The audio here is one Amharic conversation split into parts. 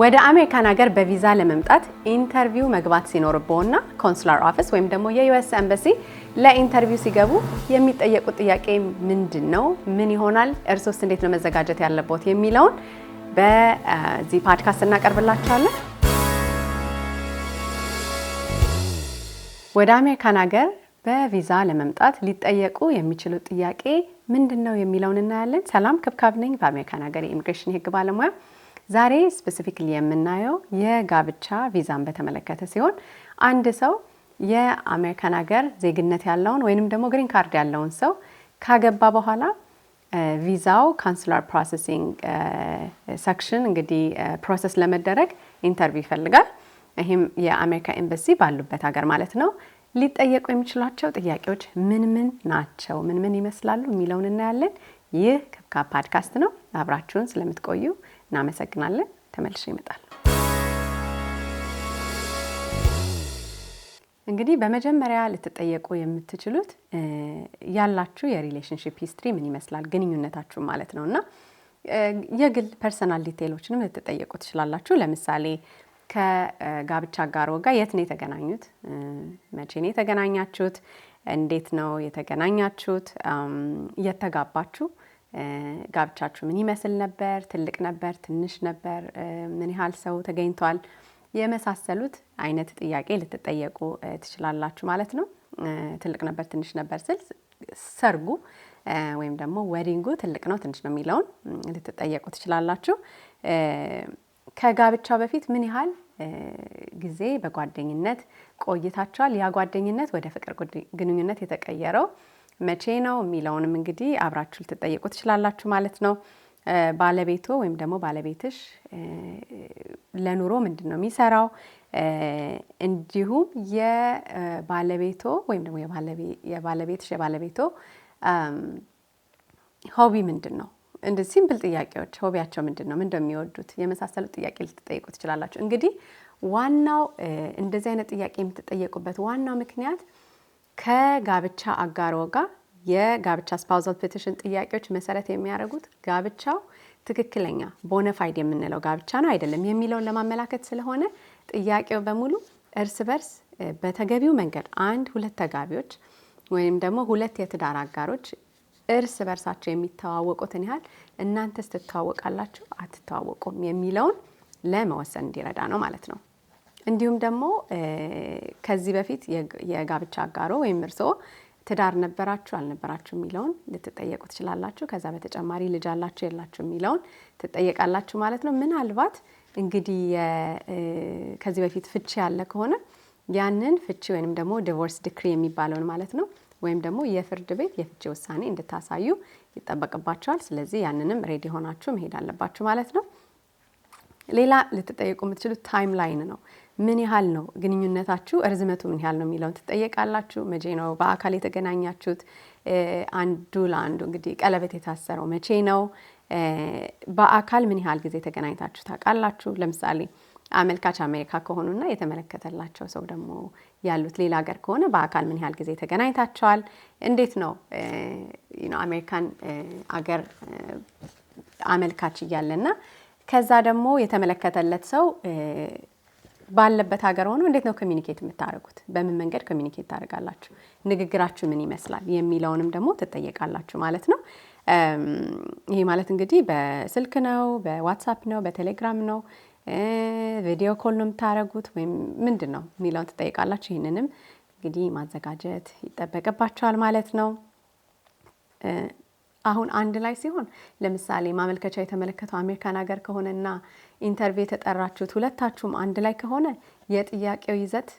ወደ አሜሪካን ሀገር በቪዛ ለመምጣት ኢንተርቪው መግባት ሲኖርብዎና ኮንስላር ኦፊስ ወይም ደግሞ የዩኤስ ኤምባሲ ለኢንተርቪው ሲገቡ የሚጠየቁት ጥያቄ ምንድን ነው? ምን ይሆናል? እርሶስ እንዴት ነው መዘጋጀት ያለቦት? የሚለውን በዚህ ፓድካስት እናቀርብላችኋለን። ወደ አሜሪካን ሀገር በቪዛ ለመምጣት ሊጠየቁ የሚችሉት ጥያቄ ምንድን ነው የሚለውን እናያለን። ሰላም ክብካብ ነኝ፣ በአሜሪካን ሀገር የኢሚግሬሽን የህግ ባለሙያ ዛሬ ስፔሲፊክሊ የምናየው የጋብቻ ቪዛን በተመለከተ ሲሆን አንድ ሰው የአሜሪካን ሀገር ዜግነት ያለውን ወይንም ደግሞ ግሪን ካርድ ያለውን ሰው ካገባ በኋላ ቪዛው ካንስላር ፕሮሰሲንግ ሰክሽን እንግዲህ ፕሮሰስ ለመደረግ ኢንተርቪው ይፈልጋል። ይህም የአሜሪካ ኤምባሲ ባሉበት ሀገር ማለት ነው። ሊጠየቁ የሚችሏቸው ጥያቄዎች ምን ምን ናቸው፣ ምን ምን ይመስላሉ የሚለውን እናያለን። ይህ ከብካ ፓድካስት ነው። አብራችሁን ስለምትቆዩ እናመሰግናለን። ተመልሶ ይመጣል። እንግዲህ በመጀመሪያ ልትጠየቁ የምትችሉት ያላችሁ የሪሌሽንሽፕ ሂስትሪ ምን ይመስላል፣ ግንኙነታችሁ ማለት ነው እና የግል ፐርሰናል ዲቴሎችንም ልትጠየቁ ትችላላችሁ። ለምሳሌ ከጋብቻ ጋር ወጋ የት ነው የተገናኙት? መቼ ነው የተገናኛችሁት? እንዴት ነው የተገናኛችሁት? የተጋባችሁ ጋብቻችሁ ምን ይመስል ነበር? ትልቅ ነበር? ትንሽ ነበር? ምን ያህል ሰው ተገኝቷል? የመሳሰሉት አይነት ጥያቄ ልትጠየቁ ትችላላችሁ ማለት ነው። ትልቅ ነበር፣ ትንሽ ነበር ስል ሰርጉ ወይም ደግሞ ወዲንጉ ትልቅ ነው ትንሽ ነው የሚለውን ልትጠየቁ ትችላላችሁ። ከጋብቻው በፊት ምን ያህል ጊዜ በጓደኝነት ቆይታችኋል? ያ ጓደኝነት ወደ ፍቅር ግንኙነት የተቀየረው መቼ ነው የሚለውንም እንግዲህ አብራችሁ ልትጠየቁ ትችላላችሁ ማለት ነው። ባለቤቶ ወይም ደግሞ ባለቤትሽ ለኑሮ ምንድን ነው የሚሰራው? እንዲሁም የባለቤቶ ወይም ደግሞ የባለቤትሽ የባለቤቶ ሆቢ ምንድን ነው? እንደ ሲምፕል ጥያቄዎች ሆቢያቸው ምንድን ነው፣ ምንድነው የሚወዱት የመሳሰሉት ጥያቄ ልትጠይቁ ትችላላችሁ። እንግዲህ ዋናው እንደዚህ አይነት ጥያቄ የምትጠየቁበት ዋናው ምክንያት ከጋብቻ አጋሮ ጋር የጋብቻ ስፓውዛል ፔቲሽን ጥያቄዎች መሰረት የሚያደርጉት ጋብቻው ትክክለኛ ቦነፋይድ የምንለው ጋብቻ ነው አይደለም የሚለውን ለማመላከት ስለሆነ ጥያቄው በሙሉ እርስ በርስ በተገቢው መንገድ አንድ ሁለት ተጋቢዎች ወይም ደግሞ ሁለት የትዳር አጋሮች እርስ በርሳቸው የሚተዋወቁትን ያህል እናንተስ ትተዋወቃላችሁ አትተዋወቁም የሚለውን ለመወሰን እንዲረዳ ነው ማለት ነው። እንዲሁም ደግሞ ከዚህ በፊት የጋብቻ አጋሮ ወይም እርስዎ ትዳር ነበራችሁ አልነበራችሁ የሚለውን ልትጠየቁ ትችላላችሁ። ከዛ በተጨማሪ ልጅ አላችሁ የላችሁ የሚለውን ትጠየቃላችሁ ማለት ነው። ምናልባት እንግዲህ ከዚህ በፊት ፍቺ ያለ ከሆነ ያንን ፍቺ ወይም ደግሞ ዲቮርስ ዲክሪ የሚባለውን ማለት ነው ወይም ደግሞ የፍርድ ቤት የፍቺ ውሳኔ እንድታሳዩ ይጠበቅባቸዋል። ስለዚህ ያንንም ሬዲ ሆናችሁ መሄድ አለባችሁ ማለት ነው። ሌላ ልትጠየቁ የምትችሉት ታይም ላይን ነው። ምን ያህል ነው ግንኙነታችሁ እርዝመቱ ምን ያህል ነው የሚለውን ትጠየቃላችሁ። መቼ ነው በአካል የተገናኛችሁት? አንዱ ለአንዱ እንግዲህ ቀለበት የታሰረው መቼ ነው? በአካል ምን ያህል ጊዜ ተገናኝታችሁ ታውቃላችሁ? ለምሳሌ አመልካች አሜሪካ ከሆኑና የተመለከተላቸው ሰው ደግሞ ያሉት ሌላ ሀገር ከሆነ በአካል ምን ያህል ጊዜ ተገናኝታቸዋል? እንዴት ነው አሜሪካን አገር አመልካች እያለና ከዛ ደግሞ የተመለከተለት ሰው ባለበት ሀገር ሆኖ እንዴት ነው ኮሚኒኬት የምታደርጉት? በምን መንገድ ኮሚኒኬት ታደርጋላችሁ? ንግግራችሁ ምን ይመስላል የሚለውንም ደግሞ ትጠየቃላችሁ ማለት ነው። ይሄ ማለት እንግዲህ በስልክ ነው፣ በዋትሳፕ ነው፣ በቴሌግራም ነው፣ ቪዲዮ ኮል ነው የምታደርጉት ወይም ምንድን ነው የሚለውን ትጠይቃላችሁ። ይህንንም እንግዲህ ማዘጋጀት ይጠበቅባቸዋል ማለት ነው። አሁን አንድ ላይ ሲሆን ለምሳሌ ማመልከቻ የተመለከተው አሜሪካን ሀገር ከሆነና ኢንተርቪው የተጠራችሁት ሁለታችሁም አንድ ላይ ከሆነ የጥያቄው ይዘት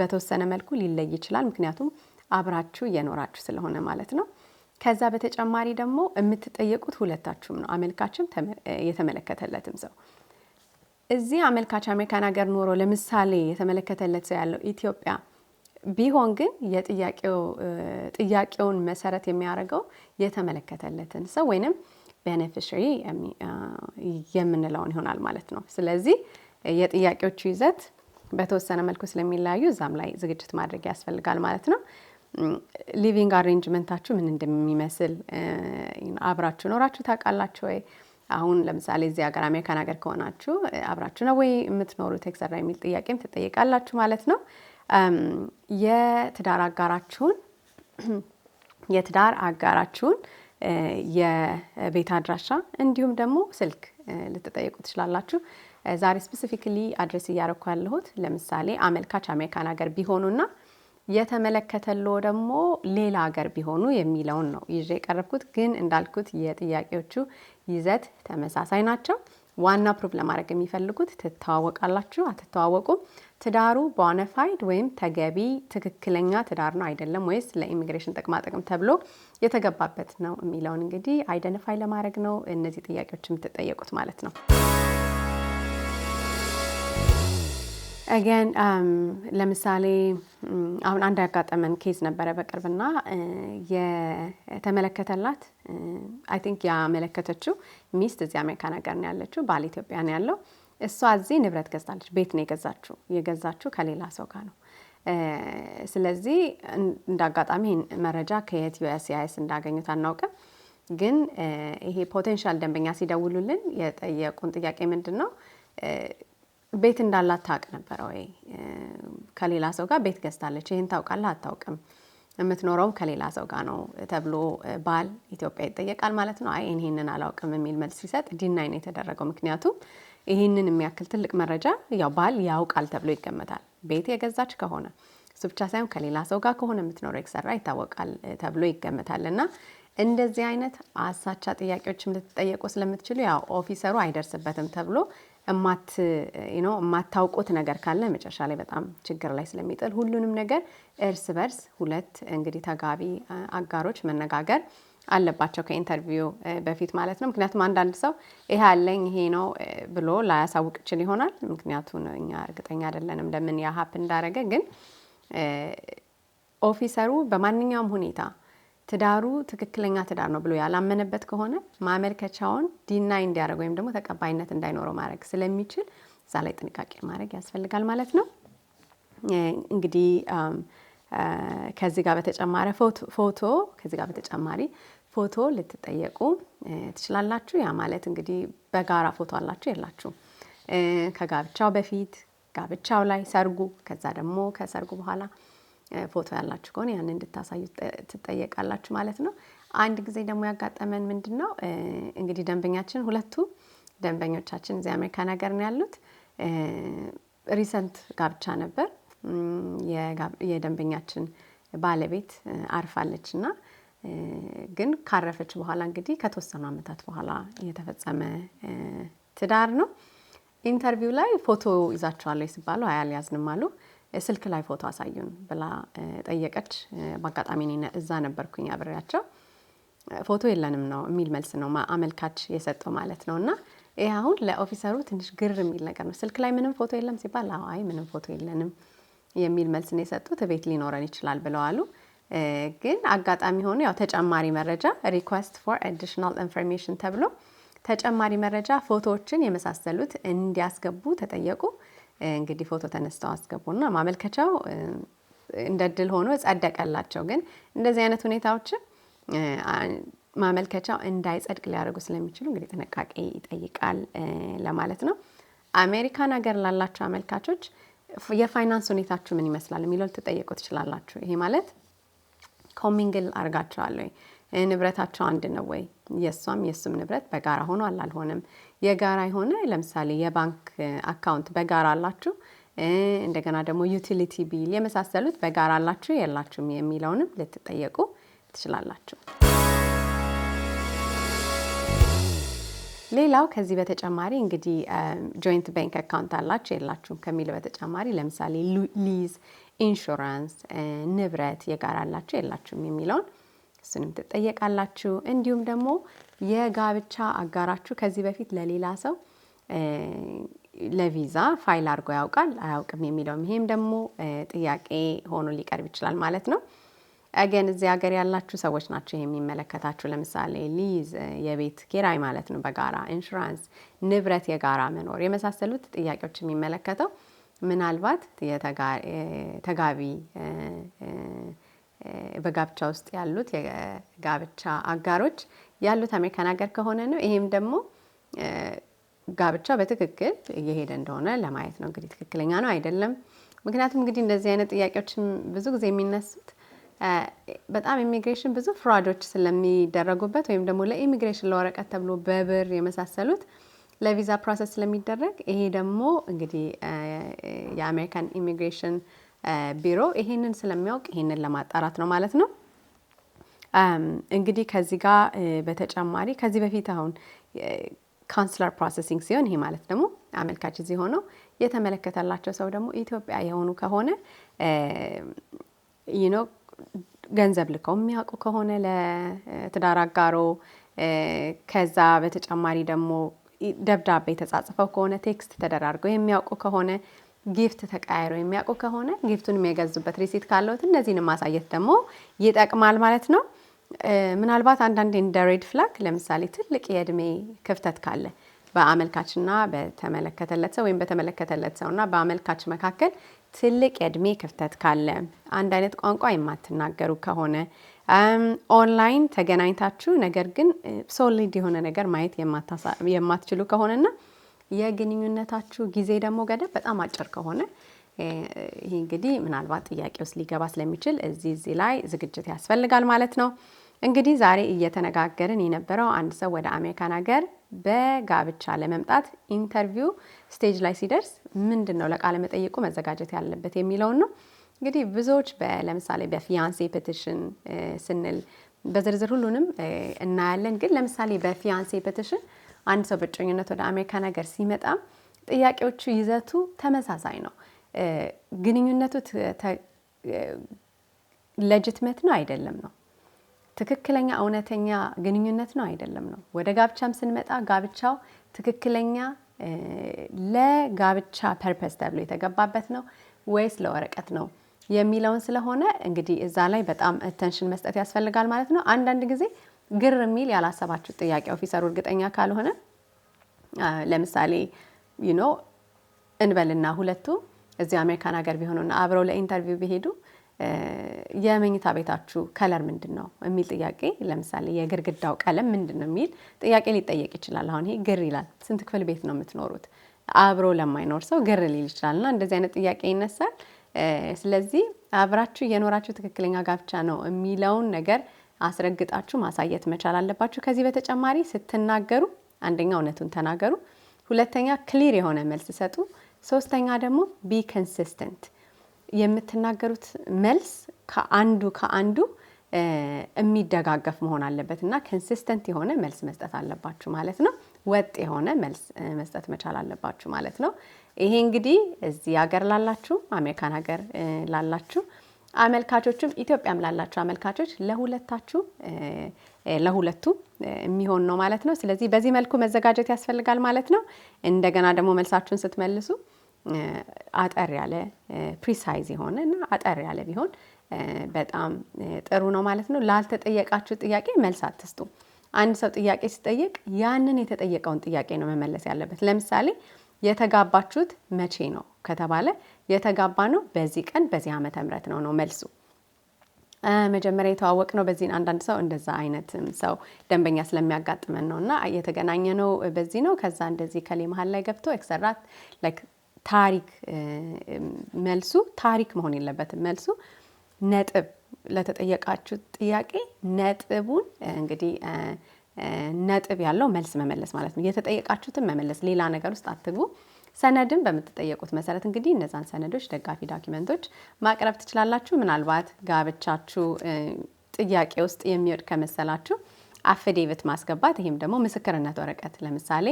በተወሰነ መልኩ ሊለይ ይችላል። ምክንያቱም አብራችሁ እየኖራችሁ ስለሆነ ማለት ነው። ከዛ በተጨማሪ ደግሞ የምትጠየቁት ሁለታችሁም ነው፣ አመልካችም የተመለከተለትም ሰው። እዚህ አመልካች አሜሪካን ሀገር ኖሮ ለምሳሌ የተመለከተለት ሰው ያለው ኢትዮጵያ ቢሆን ግን ጥያቄውን መሰረት የሚያደርገው የተመለከተለትን ሰው ወይንም ቤኔፊሽሪ የምንለውን ይሆናል ማለት ነው። ስለዚህ የጥያቄዎቹ ይዘት በተወሰነ መልኩ ስለሚለያዩ እዛም ላይ ዝግጅት ማድረግ ያስፈልጋል ማለት ነው። ሊቪንግ አሬንጅመንታችሁ ምን እንደሚመስል አብራችሁ ኖራችሁ ታውቃላችሁ ወይ? አሁን ለምሳሌ እዚህ ሀገር አሜሪካን ሀገር ከሆናችሁ አብራችሁ ነው ወይ የምትኖሩ ቴክሰራ የሚል ጥያቄም ትጠይቃላችሁ ማለት ነው። የትዳር አጋራችሁን የትዳር አጋራችሁን የቤት አድራሻ እንዲሁም ደግሞ ስልክ ልትጠይቁ ትችላላችሁ። ዛሬ ስፔሲፊክሊ አድሬስ እያደረኩ ያለሁት ለምሳሌ አመልካች አሜሪካን ሀገር ቢሆኑና የተመለከተሎ ደግሞ ሌላ ሀገር ቢሆኑ የሚለውን ነው ይዤ የቀረብኩት። ግን እንዳልኩት የጥያቄዎቹ ይዘት ተመሳሳይ ናቸው። ዋና ፕሩቭ ለማድረግ የሚፈልጉት ትተዋወቃላችሁ፣ አትተዋወቁም፣ ትዳሩ ቦናፋይድ ወይም ተገቢ ትክክለኛ ትዳር ነው አይደለም ወይስ ለኢሚግሬሽን ጥቅማጥቅም ተብሎ የተገባበት ነው የሚለውን እንግዲህ አይደንፋይ ለማድረግ ነው እነዚህ ጥያቄዎች የምትጠየቁት ማለት ነው። ግን um, ለምሳሌ አሁን አንድ ያጋጠመን ኬዝ ነበረ በቅርብና የተመለከተላት አይ ቲንክ ያመለከተችው ሚስት እዚህ አሜሪካ ነገር ነው ያለችው፣ ባል ኢትዮጵያ ነው ያለው። እሷ እዚህ ንብረት ገዝታለች፣ ቤት ነው የገዛችው። የገዛችው ከሌላ ሰው ጋር ነው። ስለዚህ እንደ አጋጣሚ መረጃ ከየት ዩኤስሲአይኤስ እንዳገኙት አናውቅም። ግን ይሄ ፖቴንሻል ደንበኛ ሲደውሉልን የጠየቁን ጥያቄ ምንድን ነው ቤት እንዳላት ታውቅ ነበረ ወይ? ከሌላ ሰው ጋር ቤት ገዝታለች፣ ይህን ታውቃለህ? አታውቅም፣ የምትኖረውም ከሌላ ሰው ጋር ነው ተብሎ ባል ኢትዮጵያ ይጠየቃል ማለት ነው። አይ ይህንን አላውቅም የሚል መልስ ሲሰጥ ዲናይን የተደረገው። ምክንያቱም ይህንን የሚያክል ትልቅ መረጃ ያው ባል ያውቃል ተብሎ ይገመታል። ቤት የገዛች ከሆነ እሱ ብቻ ሳይሆን ከሌላ ሰው ጋር ከሆነ የምትኖረው የተሰራ ይታወቃል ተብሎ ይገመታል እና እንደዚህ አይነት አሳቻ ጥያቄዎችም ልትጠየቁ ስለምትችሉ ያው ኦፊሰሩ አይደርስበትም ተብሎ የማታውቁት ነገር ካለ መጨረሻ ላይ በጣም ችግር ላይ ስለሚጥል ሁሉንም ነገር እርስ በርስ ሁለት እንግዲህ ተጋቢ አጋሮች መነጋገር አለባቸው ከኢንተርቪው በፊት ማለት ነው። ምክንያቱም አንዳንድ ሰው ይሄ አለኝ ይሄ ነው ብሎ ላያሳውቅ ይችል ይሆናል። ምክንያቱም እኛ እርግጠኛ አይደለንም ለምን ያሀፕ እንዳረገ ግን ኦፊሰሩ በማንኛውም ሁኔታ ትዳሩ ትክክለኛ ትዳር ነው ብሎ ያላመነበት ከሆነ ማመልከቻውን ዲናይ እንዲያደርግ ወይም ደግሞ ተቀባይነት እንዳይኖረው ማድረግ ስለሚችል እዛ ላይ ጥንቃቄ ማድረግ ያስፈልጋል ማለት ነው። እንግዲህ ከዚህ ጋር በተጨማሪ ፎቶ ከዚህ ጋር በተጨማሪ ፎቶ ልትጠየቁ ትችላላችሁ። ያ ማለት እንግዲህ በጋራ ፎቶ አላችሁ የላችሁ ከጋብቻው በፊት ጋብቻው ላይ ሰርጉ፣ ከዛ ደግሞ ከሰርጉ በኋላ ፎቶ ያላችሁ ከሆነ ያን እንድታሳዩ ትጠየቃላችሁ ማለት ነው። አንድ ጊዜ ደግሞ ያጋጠመን ምንድን ነው እንግዲህ ደንበኛችን ሁለቱ ደንበኞቻችን እዚህ አሜሪካ ነገር ነው ያሉት። ሪሰንት ጋብቻ ነበር። የደንበኛችን ባለቤት አርፋለች እና ግን ካረፈች በኋላ እንግዲህ ከተወሰኑ ዓመታት በኋላ የተፈጸመ ትዳር ነው። ኢንተርቪው ላይ ፎቶ ይዛችኋለሁ ሲባሉ አያልያዝንም አሉ። ስልክ ላይ ፎቶ አሳዩን ብላ ጠየቀች። በአጋጣሚ እዛ ነበርኩኝ አብሬያቸው። ፎቶ የለንም ነው የሚል መልስ ነው አመልካች የሰጠው ማለት ነው። እና ይህ አሁን ለኦፊሰሩ ትንሽ ግር የሚል ነገር ነው። ስልክ ላይ ምንም ፎቶ የለም ሲባል አይ ምንም ፎቶ የለንም የሚል መልስ ነው የሰጡት። ቤት ሊኖረን ይችላል ብለዋሉ። ግን አጋጣሚ ሆኖ ያው ተጨማሪ መረጃ ሪኳስት ፎር አዲሽናል ኢንፎርሜሽን ተብሎ ተጨማሪ መረጃ ፎቶዎችን የመሳሰሉት እንዲያስገቡ ተጠየቁ። እንግዲህ ፎቶ ተነስተው አስገቡና ማመልከቻው እንደ ድል ሆኖ ጸደቀላቸው። ግን እንደዚህ አይነት ሁኔታዎች ማመልከቻው እንዳይጸድቅ ሊያደርጉ ስለሚችሉ እንግዲህ ጥንቃቄ ይጠይቃል ለማለት ነው። አሜሪካን ሀገር ላላቸው አመልካቾች የፋይናንስ ሁኔታችሁ ምን ይመስላል የሚለው ልትጠየቁ ትችላላችሁ። ይሄ ማለት ኮሚንግል አድርጋችኋለሁ ንብረታቸው አንድ ነው ወይ? የእሷም የእሱም ንብረት በጋራ ሆኗል አልሆነም? የጋራ የሆነ ለምሳሌ የባንክ አካውንት በጋራ አላችሁ፣ እንደገና ደግሞ ዩቲሊቲ ቢል የመሳሰሉት በጋራ አላችሁ የላችሁም የሚለውንም ልትጠየቁ ትችላላችሁ። ሌላው ከዚህ በተጨማሪ እንግዲህ ጆይንት ባንክ አካውንት አላችሁ የላችሁም ከሚለው በተጨማሪ ለምሳሌ ሊዝ፣ ኢንሹራንስ፣ ንብረት የጋራ አላችሁ የላችሁም የሚለውን እሱንም ትጠየቃላችሁ። እንዲሁም ደግሞ የጋብቻ አጋራችሁ ከዚህ በፊት ለሌላ ሰው ለቪዛ ፋይል አድርጎ ያውቃል አያውቅም የሚለውም ይሄም ደግሞ ጥያቄ ሆኖ ሊቀርብ ይችላል ማለት ነው። አገን እዚህ ሀገር ያላችሁ ሰዎች ናቸው የሚመለከታችሁ። ለምሳሌ ሊዝ፣ የቤት ኪራይ ማለት ነው፣ በጋራ ኢንሹራንስ፣ ንብረት የጋራ መኖር የመሳሰሉት ጥያቄዎች የሚመለከተው ምናልባት ተጋቢ በጋብቻ ውስጥ ያሉት የጋብቻ አጋሮች ያሉት አሜሪካን ሀገር ከሆነ ነው። ይሄም ደግሞ ጋብቻ በትክክል እየሄደ እንደሆነ ለማየት ነው። እንግዲህ ትክክለኛ ነው አይደለም። ምክንያቱም እንግዲህ እንደዚህ አይነት ጥያቄዎችን ብዙ ጊዜ የሚነሱት በጣም ኢሚግሬሽን ብዙ ፍራዶች ስለሚደረጉበት ወይም ደግሞ ለኢሚግሬሽን ለወረቀት ተብሎ በብር የመሳሰሉት ለቪዛ ፕሮሰስ ስለሚደረግ ይሄ ደግሞ እንግዲህ የአሜሪካን ኢሚግሬሽን ቢሮ ይሄንን ስለሚያውቅ ይሄንን ለማጣራት ነው ማለት ነው። እንግዲህ ከዚህ ጋር በተጨማሪ ከዚህ በፊት አሁን ካንስለር ፕሮሰሲንግ ሲሆን ይሄ ማለት ደግሞ አመልካች እዚህ ሆነው የተመለከተላቸው ሰው ደግሞ ኢትዮጵያ የሆኑ ከሆነ ይኖ ገንዘብ ልከው የሚያውቁ ከሆነ ለትዳር አጋሮ ከዛ በተጨማሪ ደግሞ ደብዳቤ ተጻጽፈው ከሆነ ቴክስት ተደራርገው የሚያውቁ ከሆነ ጊፍት ተቀያይሮ የሚያውቁ ከሆነ ጊፍቱን የሚገዙበት ሪሲት ካለውት እነዚህን ማሳየት ደግሞ ይጠቅማል ማለት ነው። ምናልባት አንዳንዴ እንደ ሬድ ፍላግ ለምሳሌ ትልቅ የእድሜ ክፍተት ካለ በአመልካችና በተመለከተለት ሰው ወይም በተመለከተለት ሰውና በአመልካች መካከል ትልቅ የእድሜ ክፍተት ካለ፣ አንድ አይነት ቋንቋ የማትናገሩ ከሆነ፣ ኦንላይን ተገናኝታችሁ ነገር ግን ሶሊድ የሆነ ነገር ማየት የማትችሉ ከሆነና የግንኙነታችሁ ጊዜ ደግሞ ገደብ በጣም አጭር ከሆነ ይህ እንግዲህ ምናልባት ጥያቄ ውስጥ ሊገባ ስለሚችል እዚህ እዚህ ላይ ዝግጅት ያስፈልጋል ማለት ነው። እንግዲህ ዛሬ እየተነጋገርን የነበረው አንድ ሰው ወደ አሜሪካን ሀገር በጋብቻ ለመምጣት ኢንተርቪው ስቴጅ ላይ ሲደርስ ምንድን ነው ለቃለ መጠየቁ መዘጋጀት ያለበት የሚለውን ነው። እንግዲህ ብዙዎች ለምሳሌ በፊያንሴ ፔቲሽን ስንል በዝርዝር ሁሉንም እናያለን። ግን ለምሳሌ በፊያንሴ ፔቲሽን አንድ ሰው በእጮኝነት ወደ አሜሪካ ነገር ሲመጣ ጥያቄዎቹ ይዘቱ ተመሳሳይ ነው። ግንኙነቱ ለጅትመት ነው አይደለም ነው ትክክለኛ እውነተኛ ግንኙነት ነው አይደለም ነው። ወደ ጋብቻም ስንመጣ ጋብቻው ትክክለኛ ለጋብቻ ፐርፐስ ተብሎ የተገባበት ነው ወይስ ለወረቀት ነው የሚለውን ስለሆነ እንግዲህ እዛ ላይ በጣም ቴንሽን መስጠት ያስፈልጋል ማለት ነው። አንዳንድ ጊዜ ግር የሚል ያላሰባችሁ ጥያቄ ኦፊሰሩ እርግጠኛ ካልሆነ ለምሳሌ ዩኖ እንበልና ሁለቱ እዚህ አሜሪካን ሀገር ቢሆኑና አብረው ለኢንተርቪው ቢሄዱ የመኝታ ቤታችሁ ከለር ምንድን ነው የሚል ጥያቄ፣ ለምሳሌ የግርግዳው ቀለም ምንድን ነው የሚል ጥያቄ ሊጠየቅ ይችላል። አሁን ይሄ ግር ይላል። ስንት ክፍል ቤት ነው የምትኖሩት? አብሮ ለማይኖር ሰው ግር ሊል ይችላል። እና እንደዚህ አይነት ጥያቄ ይነሳል። ስለዚህ አብራችሁ የኖራችሁ ትክክለኛ ጋብቻ ነው የሚለውን ነገር አስረግጣችሁ ማሳየት መቻል አለባችሁ። ከዚህ በተጨማሪ ስትናገሩ አንደኛ እውነቱን ተናገሩ፣ ሁለተኛ ክሊር የሆነ መልስ ሰጡ፣ ሶስተኛ ደግሞ ቢ ኮንሲስተንት የምትናገሩት መልስ ከአንዱ ከአንዱ የሚደጋገፍ መሆን አለበት እና ኮንሲስተንት የሆነ መልስ መስጠት አለባችሁ ማለት ነው። ወጥ የሆነ መልስ መስጠት መቻል አለባችሁ ማለት ነው። ይሄ እንግዲህ እዚህ ሀገር ላላችሁ፣ አሜሪካን ሀገር ላላችሁ አመልካቾችም ኢትዮጵያም ላላቸው አመልካቾች ለሁለታችሁ ለሁለቱ የሚሆን ነው ማለት ነው። ስለዚህ በዚህ መልኩ መዘጋጀት ያስፈልጋል ማለት ነው። እንደገና ደግሞ መልሳችሁን ስትመልሱ አጠር ያለ ፕሪሳይዝ የሆነ እና አጠር ያለ ቢሆን በጣም ጥሩ ነው ማለት ነው። ላልተጠየቃችሁ ጥያቄ መልስ አትስጡ። አንድ ሰው ጥያቄ ሲጠየቅ ያንን የተጠየቀውን ጥያቄ ነው መመለስ ያለበት። ለምሳሌ የተጋባችሁት መቼ ነው ከተባለ የተጋባ ነው በዚህ ቀን በዚህ ዓመተ ምህረት ነው ነው መልሱ። መጀመሪያ የተዋወቅ ነው በዚህን አንዳንድ ሰው እንደዛ አይነት ሰው ደንበኛ ስለሚያጋጥመን ነው እና የተገናኘ ነው በዚህ ነው ከዛ እንደዚህ ከሌ መሀል ላይ ገብቶ ኤክሰራት ላይክ ታሪክ መልሱ ታሪክ መሆን የለበትም። መልሱ ነጥብ ለተጠየቃችሁ ጥያቄ ነጥቡን እንግዲህ ነጥብ ያለው መልስ መመለስ ማለት ነው። የተጠየቃችሁትን መመለስ፣ ሌላ ነገር ውስጥ አትግቡ። ሰነድን በምትጠየቁት መሰረት እንግዲህ እነዛን ሰነዶች፣ ደጋፊ ዳኪመንቶች ማቅረብ ትችላላችሁ። ምናልባት ጋብቻችሁ ጥያቄ ውስጥ የሚወድ ከመሰላችሁ አፍዴቪት ማስገባት፣ ይህም ደግሞ ምስክርነት ወረቀት ለምሳሌ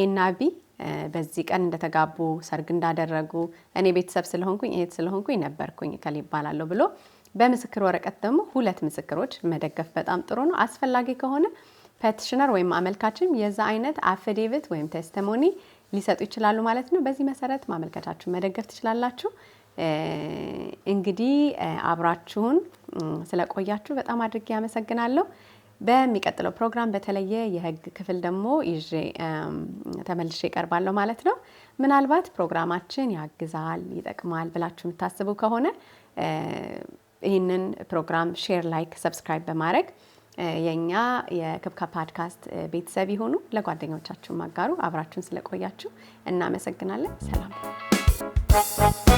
ኤና ቢ በዚህ ቀን እንደተጋቡ ሰርግ እንዳደረጉ እኔ ቤተሰብ ስለሆንኩኝ እህት ስለሆንኩኝ ነበርኩኝ ከል ይባላለሁ ብሎ በምስክር ወረቀት ደግሞ ሁለት ምስክሮች መደገፍ በጣም ጥሩ ነው። አስፈላጊ ከሆነ ፐቲሽነር ወይም አመልካችም የዛ አይነት አፍዴቪት ወይም ቴስተሞኒ ሊሰጡ ይችላሉ ማለት ነው። በዚህ መሰረት ማመልከቻችሁን መደገፍ ትችላላችሁ። እንግዲህ አብራችሁን ስለቆያችሁ በጣም አድርጌ አመሰግናለሁ። በሚቀጥለው ፕሮግራም በተለየ የህግ ክፍል ደግሞ ይዤ ተመልሼ እቀርባለሁ ማለት ነው። ምናልባት ፕሮግራማችን ያግዛል፣ ይጠቅማል ብላችሁ የምታስቡ ከሆነ ይህንን ፕሮግራም ሼር፣ ላይክ፣ ሰብስክራይብ በማድረግ የእኛ የክብካ ፓድካስት ቤተሰብ የሆኑ ለጓደኞቻችሁ ማጋሩ። አብራችሁን ስለቆያችሁ እናመሰግናለን። ሰላም